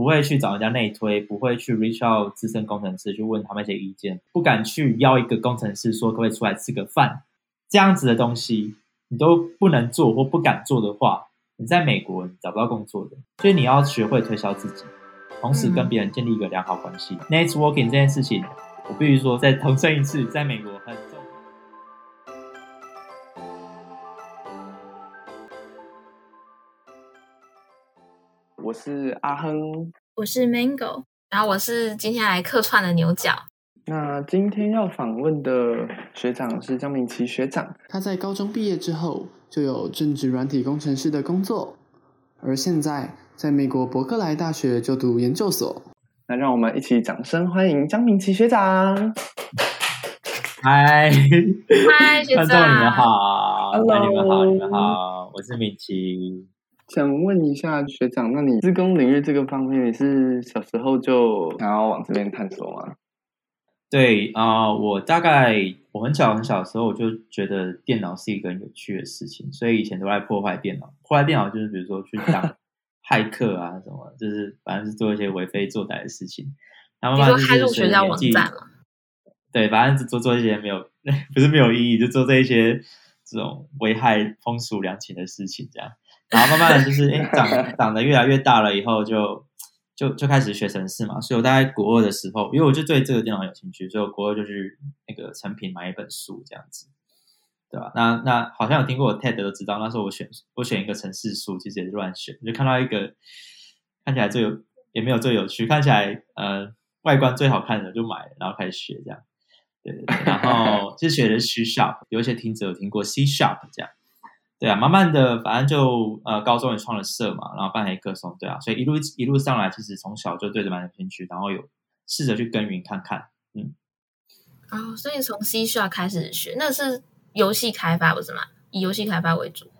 不會去找人家內推，不會去 reach out 資深工程師去問他們一些意見，不敢去邀一個工程師說可不可以出來吃個飯，這樣子的東西你都不能做或不敢做的話，你在美國你找不到工作的。所以你要學會推銷自己，同時跟別人建立一個良好關係。嗯、Networking 這件事情，我必須說再重申一次，在美國很我是阿亨，我是 Mango，然後我是今天來客串的牛角。那今天要訪問的學長是江岷錡學長，他在高中畢業之後就有正職軟體工程師的工作，而現在在美國柏克萊大學就讀研究所。那讓我們一起掌聲歡迎江岷錡學長。嗨，嗨，學長你們好，Hello. 你們好，你們好，我是岷錡。想問一下學長，那你資工領域這個方面，你是小時候就想要往這邊探索嗎？對啊、呃，我大概我很小很小的時候，我就覺得電腦是一個很有趣的事情，所以以前都愛破壞電腦。破壞電腦就是比如說去當駭客啊，什麼， 就是反正是做一些為非作歹的事情。然後是就駭入學校網站了。 對，反正做做一些沒有不是沒有意義，就做這一些這種危害風俗良情的事情，這樣。 然後慢慢的，就是哎、欸，長長得越來越大了，以後就就就開始學程式嘛。所以我大概國二的時候，因為我就對這個電腦有興趣，所以我國二就去那個誠品買一本書這樣子，對吧、啊？那那好像有聽過我 TED 都知道，那時候我選我選一個程式書，其實也是亂選，就看到一個看起來最有，也沒有最有趣，看起來呃外觀最好看的就買，然後開始學這樣。對，對，對，然後就學的是 C sharp，有一些聽者有聽過 C sharp 這樣。對啊，慢慢的，反正就呃，高中也創了社嘛，然後辦了一個黑客松，對啊，所以一路一路上來，其實從小就對着蠻有興趣，然後有試着去耕耘看看，嗯，哦，oh, 所以從 C sharp 開始學，那是遊戲開發不是嘛？以遊戲開發為主。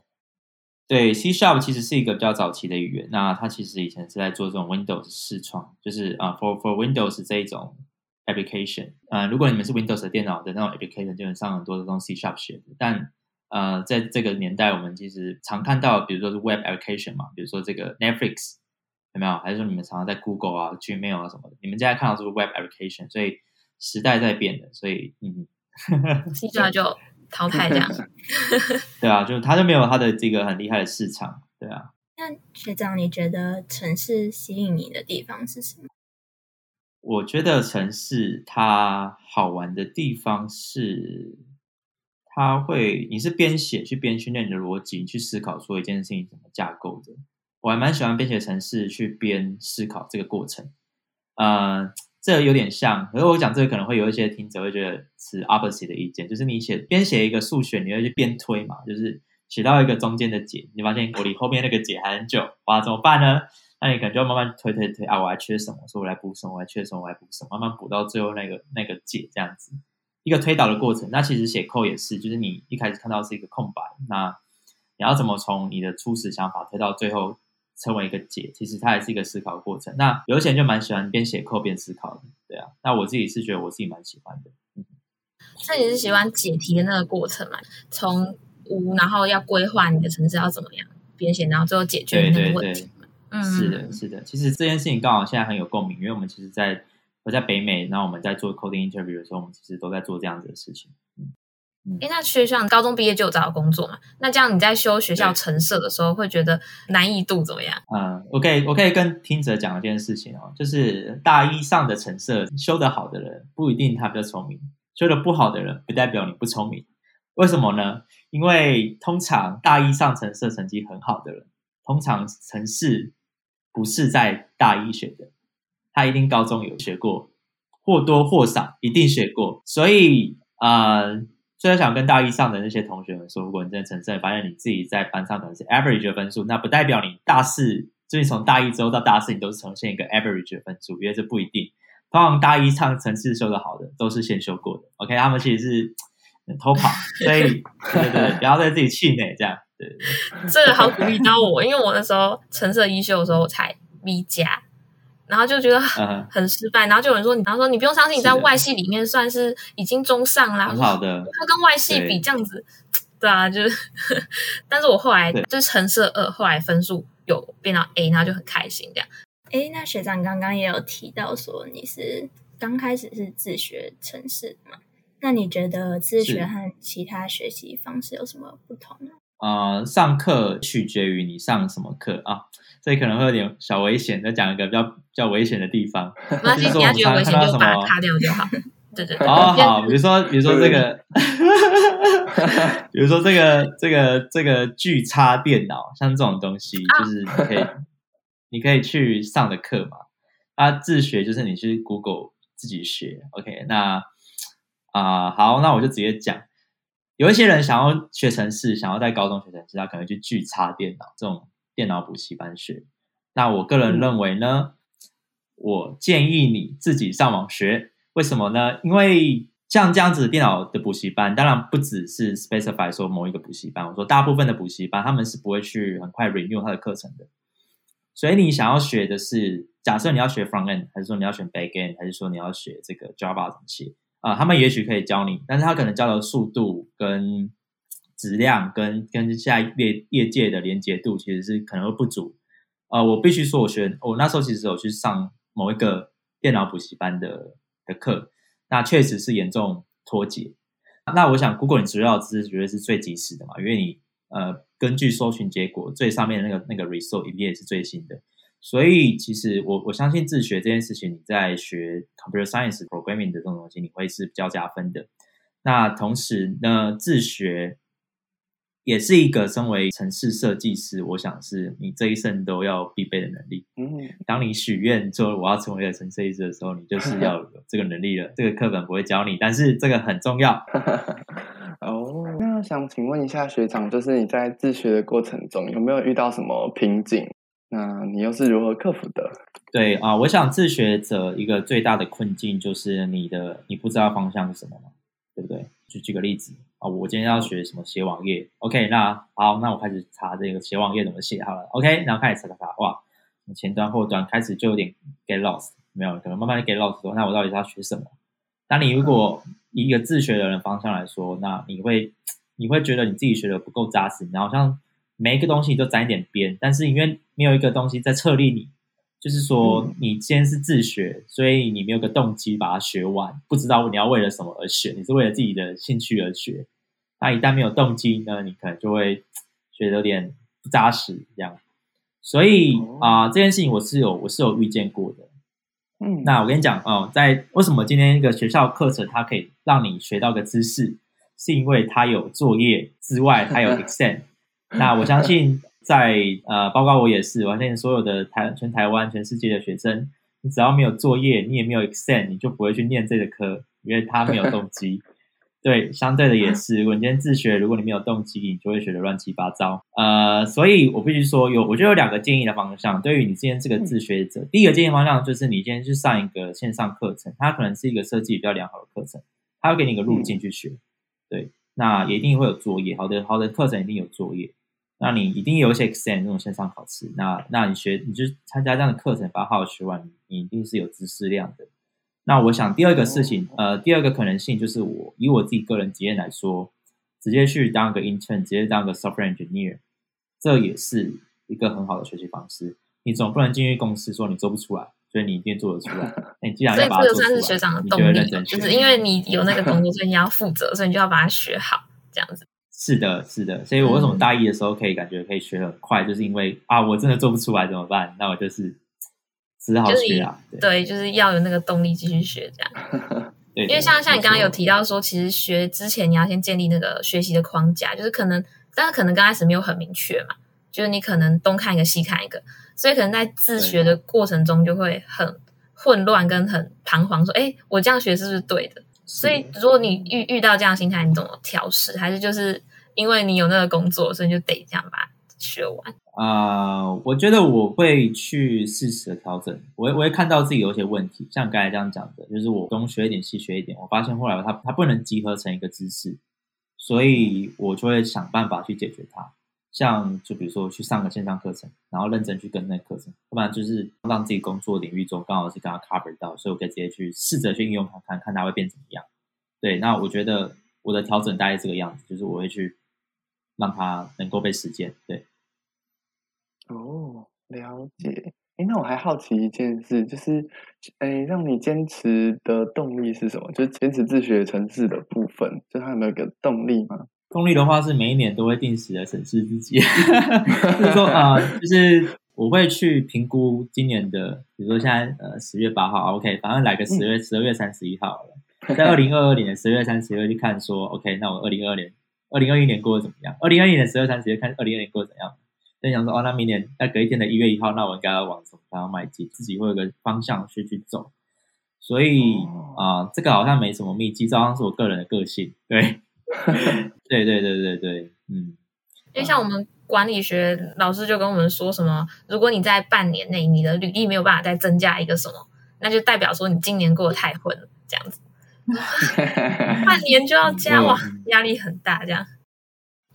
對，C sharp 其實是一個比較早期的語言，那它其實以前是在做這種 Windows 視窗，就是啊、uh,，for for Windows 這一種 application，啊，uh, 如果你們是 Windows 的電腦的那種 application，就能上很多的這種 C sharp 學，但。呃，在這個年代，我們其實常看到，比如說是 Web application 嘛，比如說這個 Netflix 有沒有？還是說你們常常在 Google 啊、Gmail 啊什麼的？你們現在看到是，是 Web application，所以時代在變的，所以嗯，新舊就淘汰這樣。 對啊，就是他就沒有他的這個很厲害的市場，對啊。那學長，你覺得城市吸引你的地方是什麼？我覺得城市它好玩的地方是。他會，你是邊寫去邊訓練你的邏輯，去思考說一件事情怎麼架構的。我還蠻喜歡邊寫程式去邊思考這個過程。呃，這有點像，所以我講這個，可能會有一些聽者會覺得是 opposite 的意見，就是你寫邊寫一個數學，你會去邊推嘛，就是寫到一個中間的解，你發現我離後面那個解還很久，哇、啊，怎麼辦呢？那你可能就要慢慢推推推啊，我還缺什麼，所以我來補什麼，我還缺什麼，我還補什麼，慢慢補到最後那個那個解這樣子。一個推導的過程，那其實寫扣也是，就是你一開始看到是一個空白，那你要怎麼從你的初始想法推到最後成為一個解？其實它也是一個思考的過程。那有些人就蠻喜歡邊寫扣邊思考的，對啊。那我自己是覺得我自己蠻喜歡的，嗯，他也是喜歡解題的那個過程嘛，從無然後要規劃你的程式要怎麼樣編寫，然後最後解決的那個問題，嗯，對對對，是的，是的。其實這件事情剛好現在很有共鳴，因為我們其實，在。我在北美，然後我們在做 coding interview 的時候，我們其實都在做這樣子的事情。嗯，哎，那學長高中畢業就有找到工作嘛？那這樣你在修學校程式的時候，對會覺得難易度怎麼樣？嗯，OK，我，我可以跟聽者講一件事情哦，就是大一上的程式修得好的人，不一定他比較聰明；修得不好的人，不代表你不聰明。為什麼呢？因為通常大一上程式成績很好的人，通常程式不是在大一學的。他一定高中有學過，或多或少一定學過。所以啊，雖、呃、然想跟大一上的那些同學們說，如果你真的程式發現你自己在班上等是 average 的分數，那不代表你大四，就是從大一之後到大四，你都是呈現一個 average 的分數，因為這不一定。通常大一上程式修的好的，都是先修過的。OK，他們其實是、嗯、偷跑，所以對，對對， 不要在自己氣餒，這樣對，對。這個好鼓勵到我， 因為我那時候程式一修的時候，的時候我才 B 加。然後就覺得很失敗，uh huh. 然後就有人說你，然後說你不用相信你在外系裡面算是已經中上啦。很好的，他、嗯、跟外系比對這樣子對，對啊，就是。 但是我後來對就是成色二，後來分數有變到 A，然後就很開心這樣。哎，那學長剛剛也有提到說你是剛開始是自學程式嘛？那你覺得自學和其他學習方式有什麼不同呢？呃，上課取決於你上什麼課啊，所以可能會有點小危險。再講一個比較比較危險的地方，就是說我們看,看到什麼擦掉就好， 對對、哦。好別 好，比如說比如說這個， 比如說這個這個這個巨差電腦，像這種東西、啊、就是你可以 你可以去上的課嘛。啊，自學就是你去 Google 自己學，OK？那啊、呃、好，那我就直接講。有一些人想要學程式，想要在高中學程式，他可能就巨匠電腦這種電腦補習班學。那我個人認為呢，嗯、我建議你自己上網學。為什麼呢？因為像這樣子電腦的補習班，當然不只是 specify 說某一個補習班。我說大部分的補習班，他們是不會去很快 renew 他的課程的。所以你想要學的是，假設你要學 front end，還是說你要學 backend，還是說你要學這個 Java 怎麼寫？啊、呃，他們也許可以教你，但是他可能教的速度跟質量跟跟現在業業界的連結度其實是可能會不足。啊、呃，我必須說，我學我那時候其實有去上某一個電腦補習班的的課，那確實是嚴重脫節。那我想，Google 你知道資訊絕對是最及時的嘛，因為你呃，根據搜尋結果最上面那個那個 result 頁面是最新的。所以，其實我我相信自學這件事情，你在學 computer science programming 的這種東西，你會是比較加分的。那同時呢，那自學也是一個身為程式設計師，我想是你這一生都要必備的能力。嗯，當你許願做我要成為程式設計師的時候，你就是要有這個能力了。嗯、這個課本不會教你，但是這個很重要。哦、 oh，那想請問一下學長，就是你在自學的過程中，有沒有遇到什麼瓶頸？那你又是如何克服的？對啊、呃，我想自學者一個最大的困境就是你的你不知道方向是什麼嗎，對不對？就舉個例子啊、呃，我今天要學什麼寫網頁，OK？那好，那我開始查這個寫網頁怎麼寫，好了，OK？然後開始查查查，哇，前端後端開始就有點 get lost，沒有，可能慢慢 get lost。那我到底是要學什麼？那你如果以一個自學的人方向來說，那你會你會覺得你自己學的不夠扎實，然後像。每一個東西都沾一點邊，但是因為沒有一個東西在策力你，就是說你先是自學，所以你沒有個動機把它學完，不知道你要為了什麼而學，你是為了自己的興趣而學。那一旦沒有動機呢，你可能就會學得有點不紮實這樣。所以啊、呃，這件事情我是有我是有遇見過的。嗯，那我跟你講哦，在為什麼今天一個學校課程它可以讓你學到個知識，是因為它有作業之外，它有 exam。 那我相信在，在呃，包括我也是，我相信所有的台全台灣、全世界的學生，你只要沒有作業，你也沒有 exam，你就不會去念這個科，因為他沒有動機。 對，相對的也是，如果你今天自學，如果你沒有動機，你就會學的亂七八糟。呃，所以我必須說，有，我就有兩個建議的方向。對於你今天這個自學者，嗯、第一個建議方向就是你今天去上一個線上課程，它可能是一個設計比較良好的課程，它會給你一個路徑去學。嗯、對，那一定會有作業，好的，好的課程一定有作業。那你一定有一些 exam 那種線上考試，那那你學你就參加這樣的課程，把 course 學完，你一定是有知識量的。那我想第二個事情，哦、呃，第二個可能性就是我以我自己個人經驗來說，直接去當個 intern，直接當個 software、er、engineer，這也是一個很好的學習方式。你總不能進去公司說你做不出來，所以你一定做得出來。 哎、你既然要把它做出來，你就會認真學，就是因為你有那個東西，所以你要負責，所以你就要把它學好，這樣子。是的，是的，所以我為什麼大一的時候可以感覺可以學很快，嗯、就是因為啊，我真的做不出來怎麼辦？那我就是只好學啊，對，對就是要有那個動力繼續學這樣。 對對對，因為像像你剛剛有提到說，沒錯，其實學之前你要先建立那個學習的框架，就是可能但是可能剛開始沒有很明確嘛，就是你可能東看一個西看一個，所以可能在自學的過程中就會很混亂跟很彷徨說，說哎、嗯、欸，我這樣學是不是對的？的所以如果你遇遇到這樣的心態，你怎麼調試？還是就是。因為你有那個工作，所以就得這樣把它學完。呃，我覺得我會去適時的調整，我會我會看到自己有一些問題，像剛才這樣講的，就是我東學一點，西學一點，我發現後來它它不能集合成一個知識，所以我就會想辦法去解決它。像就比如說去上個線上課程，然後認真去跟那個課程，要不然就是讓自己工作領域中剛好是剛剛 cover 到，所以我可以直接去試着去應用它，看看它會變怎麼樣。對，那我覺得我的調整大概是這個樣子，就是我會去。讓它能夠被實踐，對。哦，了解。哎，那我還好奇一件事，就是，哎，讓你堅持的動力是什麼？就是堅持自學程式的部分，就它有沒有個動力嗎？動力的話是每一年都會定時的審視自己， 就是說，啊、呃，就是我會去評估今年的，比如說現在呃十月八號 o、okay, k 反正來個十月十二、嗯、月三十一號在二零二二年十月三十一號去看說，說 OK，那我二零二二年。二零二一年過得怎麼樣？二零二一年十二月三十一日看二零二一年過得怎樣？在想說哦，那明年那隔一天的一月一號，那我應該要往什麼方向邁進？自己會有個方向去去走。所以啊、嗯呃，這個好像沒什麼秘籍，這好像是我個人的個性。對， 對對對對對，嗯。就像我們管理學老師就跟我們說什麼：，如果你在半年內你的履歷沒有辦法再增加一個什麼，那就代表說你今年過得太混了，這樣子。半 年就要加，哇，壓力很大，這樣。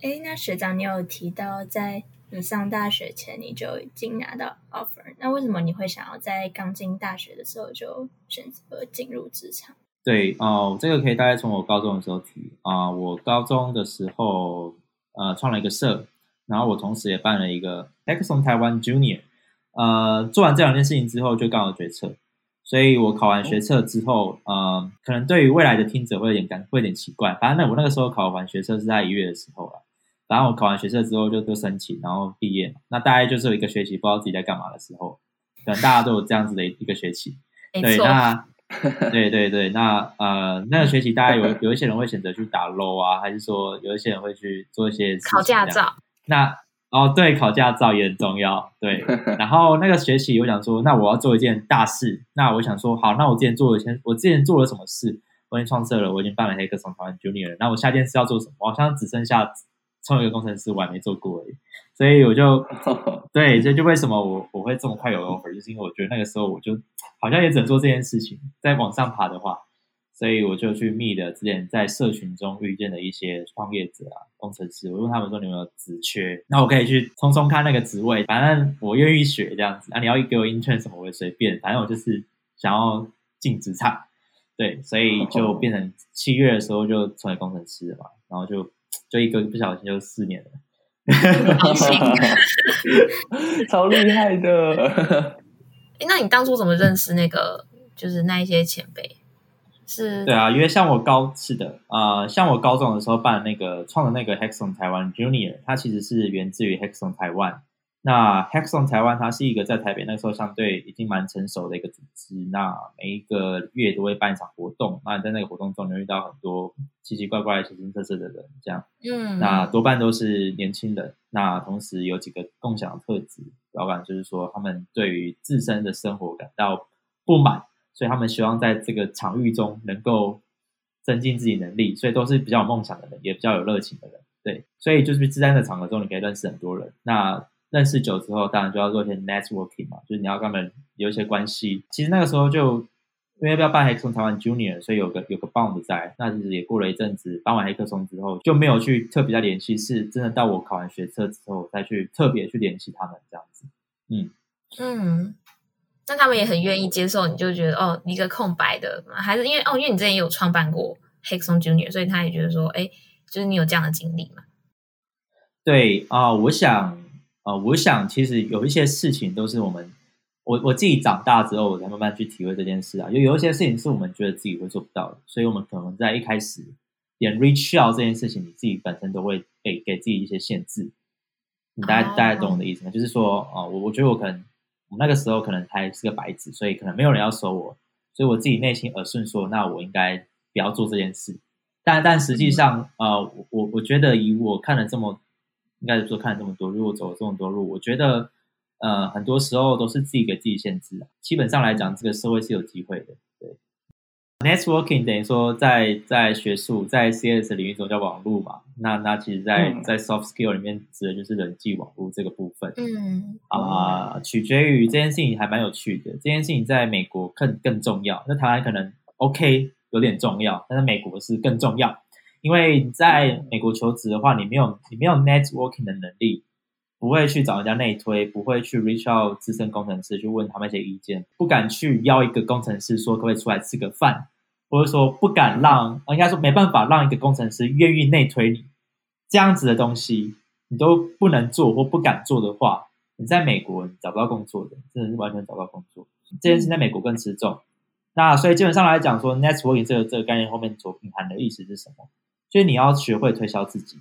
哎、 欸，那學長，你有提到在你上大學前你就已經拿到 offer，那為什麼你會想要在剛進大學的時候就選擇進入職場？對哦、呃，這個可以大概從我高中的時候提啊、呃。我高中的時候呃，創了一個社，然後我同時也辦了一個 Hackathon Taiwan Junior，呃，做完這兩件事情之後，就剛好決策。所以我考完學測之後，呃，可能對於未來的聽者會有點感，會有點奇怪。反正我那個時候考完學測是在一月的時候了、啊，然後我考完學測之後就就申請，然後畢業。那大概就是有一個學期不知道自己在幹嘛的時候，可能大家都有這樣子的一個學期。沒錯。對，那對對對，那呃，那個學期大家有有一些人會選擇去打 Low 啊，還是說有一些人會去做一些試試考駕照？那。哦，oh, 對，考駕照也很重要。對， 然後那個學期，我想說，那我要做一件大事。那我想說，好，那我之前做一件，我之前做了什麼事？我已經創設了，我已經辦了黑客松團 Junior，那我下一件事要做什麼？我好像只剩下創一個工程師，我還沒做過而已。所以我就，對，這就為什麼我我會這麼快有 offer，就是因為我覺得那個時候我就好像也只能做這件事情，再往上爬的話。所以我就去 meet 了之前在社群中遇見的一些創業者啊、工程師，我問他們說：“你們有，有職缺，那我可以去衝衝看那個職位，反正我願意學這樣子。啊，你要一給我 intern 什麼，我也隨便，反正我就是想要進職場。”對，所以就變成七月的時候就成為工程師了嘛，然後就就一個不小心就四年了， 超厲害的！哎、欸，那你當初怎麼認識那個 就是那一些前輩？是對啊，因為像我高是的，啊、呃，像我高中的時候辦那個創的那個 Hackathon 台灣 Junior，它其實是源自於 Hackathon 台灣。那 Hackathon 台灣它是一個在台北那時候相對已經蠻成熟的一個組織，那每一個月都會辦一場活動，那你在那個活動中能遇到很多奇奇怪怪、形形色色的人，這樣，嗯，那多半都是年輕人，那同時有幾個共享的特質，老板就是說他們對於自身的生活感到不滿。所以他們希望在這個場域中能夠增進自己能力，所以都是比較有夢想的人，也比較有熱情的人。對，所以就是自然的場合中，你可以認識很多人。那認識久之後，當然就要做一些 networking 嘛，就是你要跟他們有一些關係。其實那個時候就因為要辦黑客松台灣 junior，所以有個有個 bond 在。那其實也過了一陣子，辦完黑客松之後就沒有去特別再聯繫，是真的到我考完學測之後再去特別去聯繫他們這樣子。嗯嗯。但他們也很願意接受，你就覺得哦，一個空白的，還是因為哦，因為你之前也有創辦過 Hackathon Junior，所以他也覺得說，哎、欸，就是你有這樣的經歷嘛？對啊、呃，我想啊、呃，我想其實有一些事情都是我們，我我自己長大之後我才慢慢去體會這件事啊。就有，有一些事情是我們覺得自己會做不到的，所以我們可能在一開始連 reach out 這件事情，你自己本身都會給給自己一些限制。你大家、哦、大家懂我的意思嗎？哦、就是說啊，我、呃、我覺得我可能。我那個時候可能還是個白紙，所以可能沒有人要收我，所以我自己內心耳順說，那我應該不要做這件事。但但實際上啊，呃，我我覺得以我看了這麼，應該是說看了這麼多，如果走了這麼多路，我覺得呃，很多時候都是自己給自己限制。基本上來講，這個社會是有機會的。Networking 等於說在，在在學術在 CS 領域中叫網絡嘛？那那其實在、嗯、在 soft skill 裡面指的就是人際網絡這個部分。嗯啊、呃，取決於這件事情還蠻有趣的。這件事情在美國更更重要，那台灣可能 OK 有點重要，但是美國是更重要，因為你在美國求職的話，你沒有你沒有 networking 的能力，不會去找人家內推，不會去 reach out 資深工程師去問他們一些意見，不敢去邀一個工程師說可不可以出來吃個飯，或者說不敢讓，應該說沒辦法讓一個工程師願意內推你，這樣子的東西你都不能做或不敢做的話，你在美國你找不到工作的，真的是完全找不到工作。這件事在美國更吃重。那所以基本上來講說，說 networking，嗯、這個這個概念後面所隱含的意思是什麼？就是你要學會推銷自己，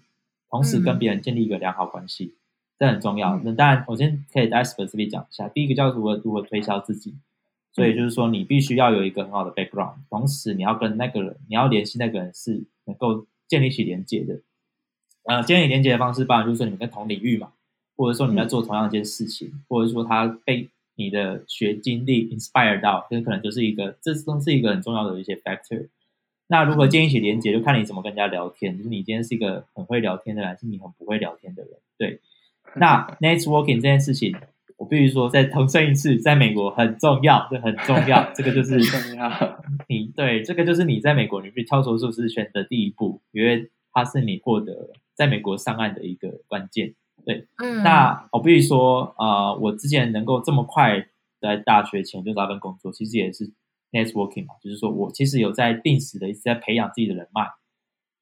同時跟別人建立一個良好關係。嗯這很重要。那當然，我先可以在本子裡講一下。第一個叫做如何如何推銷自己，所以就是說你必須要有一個很好的 background，同時你要跟那個人，你要聯繫那個人是能夠建立起連接的。呃建立起連接的方式，當然就是說你們在同領域嘛，或者說你們在做同樣一件事情，嗯、或者說他被你的學經歷 inspire 到，這、就是、可能就是一個，這都是一個很重要的一些 factor。那如果建立起連接，就看你怎麼跟人家聊天，就是你今天是一個很會聊天的人，還是你很不會聊天的人？對。 那 networking 這件事情，我必須說再重申一次，在美國很重要，對，很重要，這個就是。 很重要。 你對，這個就是你在美國，你必須跳脫出是不是選擇第一步，因為它是你獲得在美國上岸的一個關鍵。對，嗯。那我必須說，呃，我之前能夠這麼快在大學前就找份工作，其實也是 networking 嘛，就是說我其實有在定時的一直在培養自己的人脈。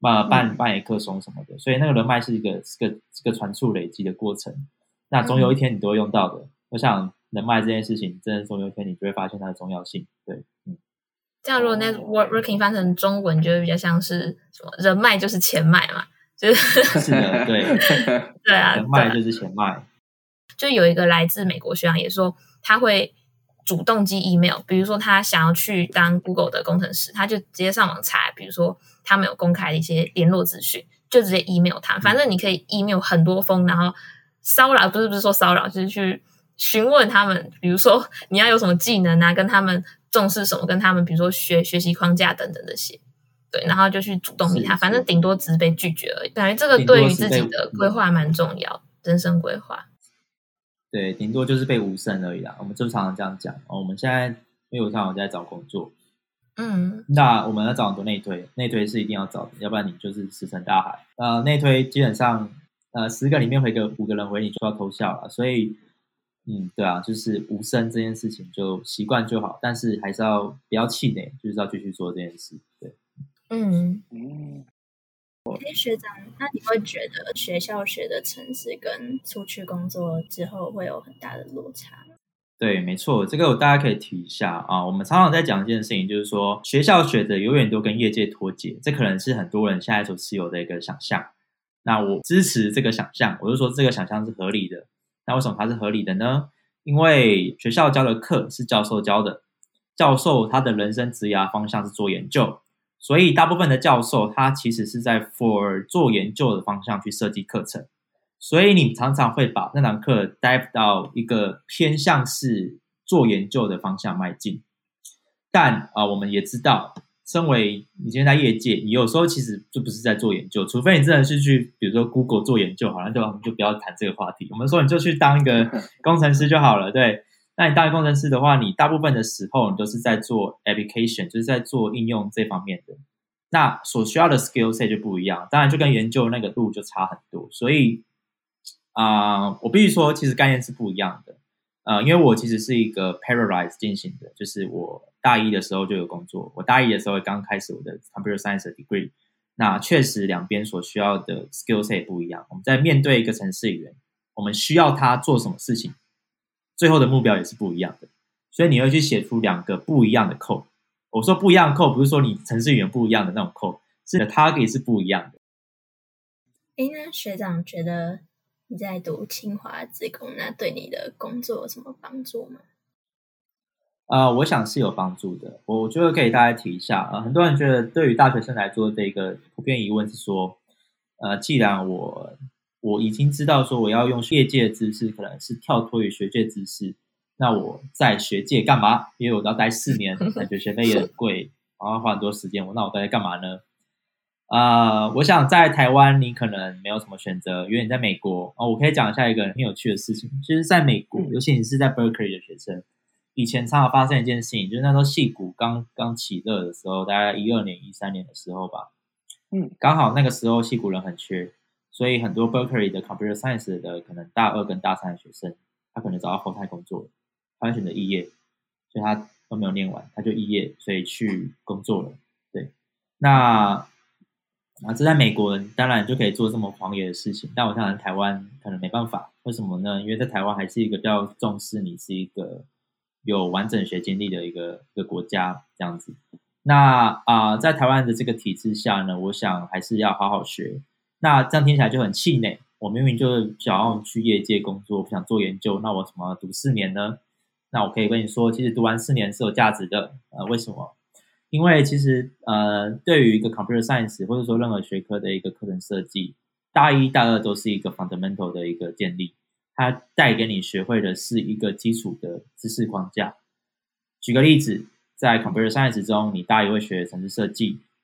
呃辦辦個黑客松什麼的，嗯、所以那個人脈是一個、是個、是個傳速累積的過程。那總有一天你都會用到的。嗯、我想人脈這件事情，真的總有一天你就會發現它的重要性。對，嗯。這樣如果那 network working 翻成中文，就會比較像是什麼？人脈就是錢脈嘛，就是。是的，對。 對啊。人脈就是錢脈。就有一個來自美國學長也說，他會。主動寄 email，比如說他想要去當 Google 的工程師，他就直接上網查，比如說他們有公開的一些聯絡資訊，就直接 email 他。反正你可以 email 很多封，嗯、然後騷擾，不是不是說騷擾，就是去詢問他們，比如說你要有什麼技能啊，跟他們重視什麼，跟他們比如說學學習框架等等這些，對，然後就去主動理他。是是，反正頂多只是被拒絕而已。感覺這個對於自己的規劃蠻重要，人生規劃。對，頂多就是被無聲而已啦。我們就常常這樣講，哦，我們現在，因為我像我在找工作，嗯，那我們要找很多內推，內推是一定要找的，要不然你就是石沉大海。呃，內推基本上，呃，十個裡面回個五個人回，你就要偷笑了。所以，嗯，對啊，就是無聲這件事情就習慣就好，但是還是要不要氣餒，就是要繼續做這件事。對，嗯。學長，那你會覺得學校學的程式，跟出去工作之後會有很大的落差？對，沒錯，這個我大家可以提一下啊。我們常常在講一件事情，就是說，學校學的永遠都跟業界脫節，這可能是很多人現在所持有的一個想象。那我支持這個想象，我就說這個想象是合理的。那為什麼它是合理的呢？因為學校教的課是教授教的，教授他的人生職涯方向是做研究。所以大部分的教授，他其實是在 for 做研究的方向去設計課程，所以你常常會把那堂課 dive 到一個偏向是做研究的方向邁進。但啊、呃，我們也知道，身為你現在在業界，你有時候其實就不是在做研究，除非你真的是去，比如說 Google 做研究，好像對吧，我們就不要談這個話題。我們說你就去當一個工程師就好了，對。那你當一個工程師的話，你大部分的時候你都是在做 application，就是在做應用這方面的。那所需要的 skill set 就不一樣，當然就跟研究那個度就差很多。所以啊、呃，我必須說，其實概念是不一樣的。呃，因為我其實是一個 parallelized 進行的，就是我大一的時候就有工作，我大一的時候剛開始我的 computer science degree。那確實兩邊所需要的 skill set 不一樣。我們在面對一個程式員，我們需要他做什麼事情？最後的目標也是不一樣的，所以你要去寫出兩個不一樣的 code。我說不一樣 code 不是說你程式語言不一樣的那種 code，是的是它也是不一樣的。哎，那學長覺得你在讀清華資工，那對你的工作有什麼幫助嗎？啊、呃，我想是有幫助的。我覺得可以大家提一下啊、呃，很多人覺得對於大學生來說的一個普遍疑問是說，呃，既然我我已經知道說我要用業界的知識，可能是跳脫於學界的知識。那我在學界幹嘛？因為我要待四年，那學費也很貴， 是然後花很多時間。我那我待在幹嘛呢？啊、呃，我想在台灣你可能沒有什麼選擇，因為你在美國、哦、我可以講一下一個很有趣的事情，就是在美國，嗯、尤其你是在 Berkeley 的學生，以前常常發生一件事情，就是那時候矽谷剛剛起熱的時候，大概一二年、一三年的時候吧。嗯，剛好那個時候矽谷人很缺。所以很多 Berkeley 的 Computer Science 的，可能大二跟大三的學生，他可能找到後台工作，他會選擇肄業，所以他都沒有念完，他就肄業，所以去工作了。對，那啊，這在美國人當然就可以做這麼狂野的事情，但我想在台灣可能沒辦法，為什麼呢？因為在台灣還是一個比較重視你是一個有完整學經歷的一個一個國家這樣子。那啊、呃，在台灣的這個體制下呢，我想還是要好好學。那這樣聽起來就很氣餒。我明明就是想要去業界工作，不想做研究。那我怎麼讀四年呢？那我可以跟你說，其實讀完四年是有價值的。呃，為什麼？因為其實呃，對於一個 computer science 或者說任何學科的一個課程設計，大一、大二都是一個 fundamental 的一個建立。它帶給你學會的是一個基礎的知識框架。舉個例子，在 computer science 中，你大一會學程式設計。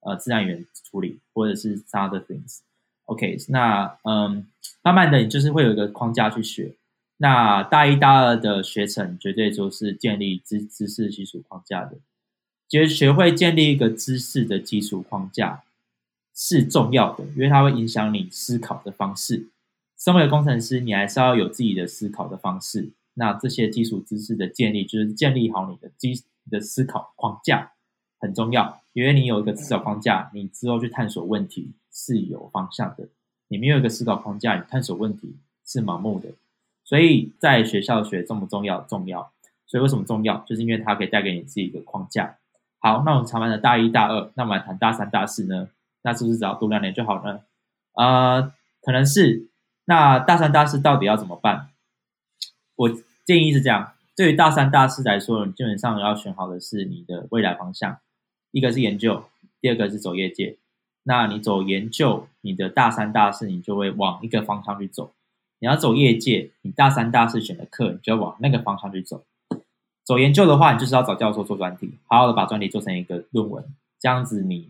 呃，自然語言處理，或者是 other things。OK，那嗯，慢慢的你就是會有一個框架去學。那大一、大二的學程絕對就是建立知知識基礎框架的，就學會建立一個知識的基礎框架是重要的，因為它會影響你思考的方式。身為工程師，你還是要有自己的思考的方式。那這些基礎知識的建立，就是建立好你的基，你的思考框架。很重要，因為你有一個思考框架，你之後去探索問題是有方向的。你沒有一個思考框架，你探索問題是盲目的。所以在學校的學重不重要？重要。所以為什麼重要？就是因為它可以帶給你自己一個框架。好，那我們講完了大一、大二，那我們來談大三、大四呢？那是不是只要多兩年就好了？啊、呃，可能是。那大三、大四到底要怎麼辦？我建議是這樣：對於大三、大四來說，你基本上要選好的是你的未來方向。一個是研究，第二個是走業界。那你走研究，你的大三、大四你就會往一個方向去走；你要走業界，你大三、大四選的課你就往那個方向去走。走研究的話，你就是要找教授做專題，好好的把專題做成一個論文，這樣子你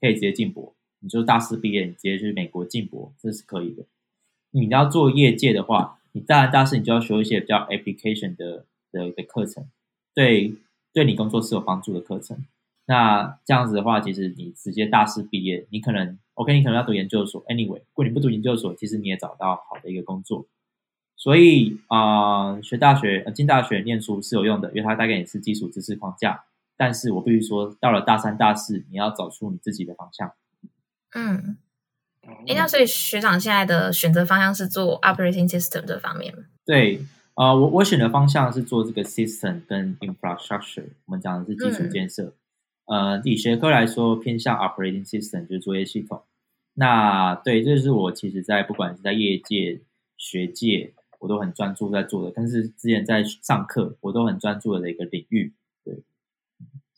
可以直接進博。你就大四畢業，你直接去美國進博，這是可以的。你要做業界的話，你大三、大四你就要學一些比較 application 的的，的課程，對對你工作是有幫助的課程。那這樣子的話，其實你直接大四畢業，你可能 OK，你可能要讀研究所。Anyway，如果你不讀研究所，其實你也找到好的一個工作。所以啊、呃，學大學、進、呃、大學念書是有用的，因為它大概也是基礎知識框架。但是我必須說，到了大三、大四，你要找出你自己的方向。嗯，哎，那所以學長現在的選擇方向是做 Operating System 這方面嗎？對，啊、呃，我我選的方向是做這個 System 跟 Infrastructure，我們講的是基礎建設。嗯呃，以、嗯、學科來說，偏向 operating system 就是作業系統。那對，這、就是我其實在不管是在業界、學界，我都很專注在做的。但是之前在上課，我都很專注的一個領域。對，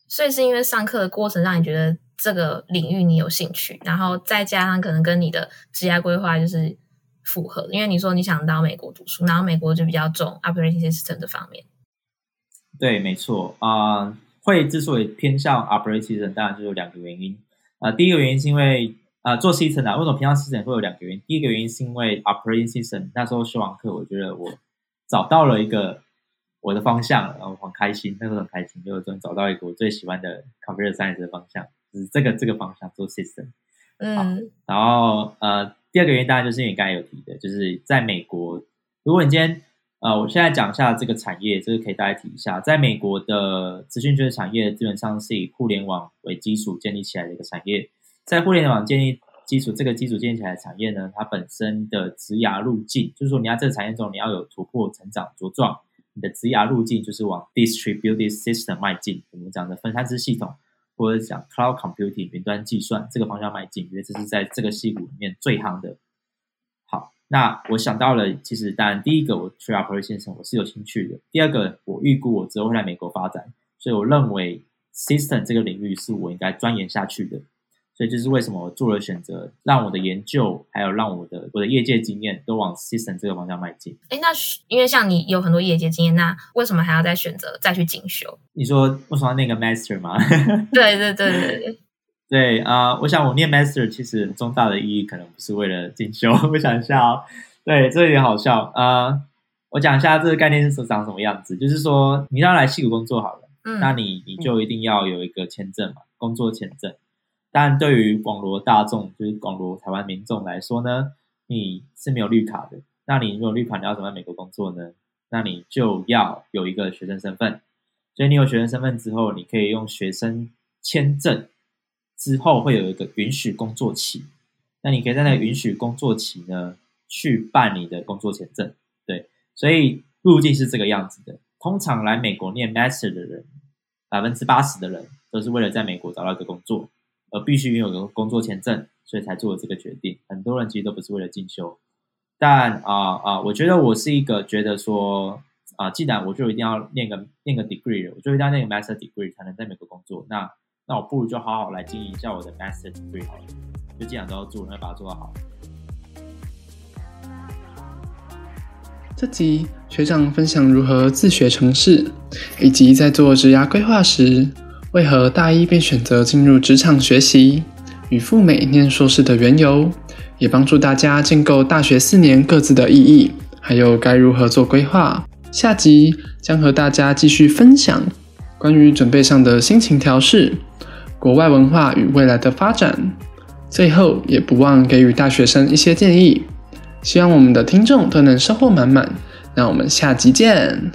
所以是因為上課的過程讓你覺得這個領域你有興趣，然後再加上可能跟你的職業規劃就是符合，因為你說你想到美國讀書，然後美國就比較重 operating system 這方面。對，沒錯啊。嗯會之所以偏向 operating system，當然就有兩個原因啊、呃。第一個原因是因為啊、呃、做 system 啊，為什麼偏向 system 會有兩個原因？第一個原因是因為 operating system 那時候修完課，我覺得我找到了一個我的方向，然後很開心，那個時候很開心，就終於找到一個我最喜歡的 computer science 的方向，就是這個這個方向做 system。嗯、啊，然後呃第二個原因，當然就是因為你剛才有提的，就是在美國，如果你今天啊，我現在講一下這個產業，這個可以大家提一下。在美國的資訊科技產業，基本上是以互聯網為基礎建立起來的一個產業。在互聯網建立基礎這個基礎建立起來的產業呢，它本身的職涯路徑，就是說你要這個產業中你要有突破、成長、茁壯，你的職涯路徑就是往 distributed system 邁進，我們講的分散式系統，或者講 cloud computing 雲端計算這個方向邁進，因為這是在這個系統裡面最夯的。那我想到了。其實當然，第一個我去 operating system，我是有興趣的，第二個我預估我之後會在美國發展，所以我認為 system 這個領域是我應該鑽研下去的，所以就是為什麼我做了選擇，讓我的研究還有讓我的我的業界經驗都往 system 這個方向邁進。哎，那因為像你有很多業界經驗，那為什麼還要再選擇再去進修？你說為什麼要那個 master 嗎？ 對，對，對對對。對啊、呃，我想我念 master 其實重大的意義可能不是為了進修，我想一下哦。對，這也好笑啊、呃！我講一下這個概念是長什麼樣子，就是說你要來矽谷工作好了，嗯、那你你就一定要有一個簽證嘛，嗯、工作簽證。但對於廣羅大眾，就是廣羅台灣民眾來說呢，你是沒有綠卡的。那你沒有綠卡，你要怎麼在美國工作呢？那你就要有一個學生身份。所以你有學生身份之後，你可以用學生簽證。之後會有一個允許工作期，那你可以在那允許工作期呢去辦你的工作簽證，對，所以路徑是這個樣子的。通常來美國念 master 的人，百分之八十的人都是為了在美國找到一個工作，而必須擁有個工作簽證，所以才做了這個決定。很多人其實都不是為了進修，但啊啊、呃呃，我覺得我是一個覺得說啊、呃，既然我就一定要念個念個 degree，我就一定要念個 master degree 才能在美國工作。那。那我不如就好好來經營一下我的 best three 好了，就盡量都要做，然後把它做好。這集學長分享如何自學程式，以及在做職涯規劃時，為何大一便選擇進入職場學習，與赴美念碩士的緣由，也幫助大家建構大學四年各自的意義，還有該如何做規劃。下集將和大家繼續分享關於準備上的心情調適。國外文化與未來的發展，最後也不忘給予大學生一些建議，希望我們的聽眾都能收穫滿滿。那我們下集見。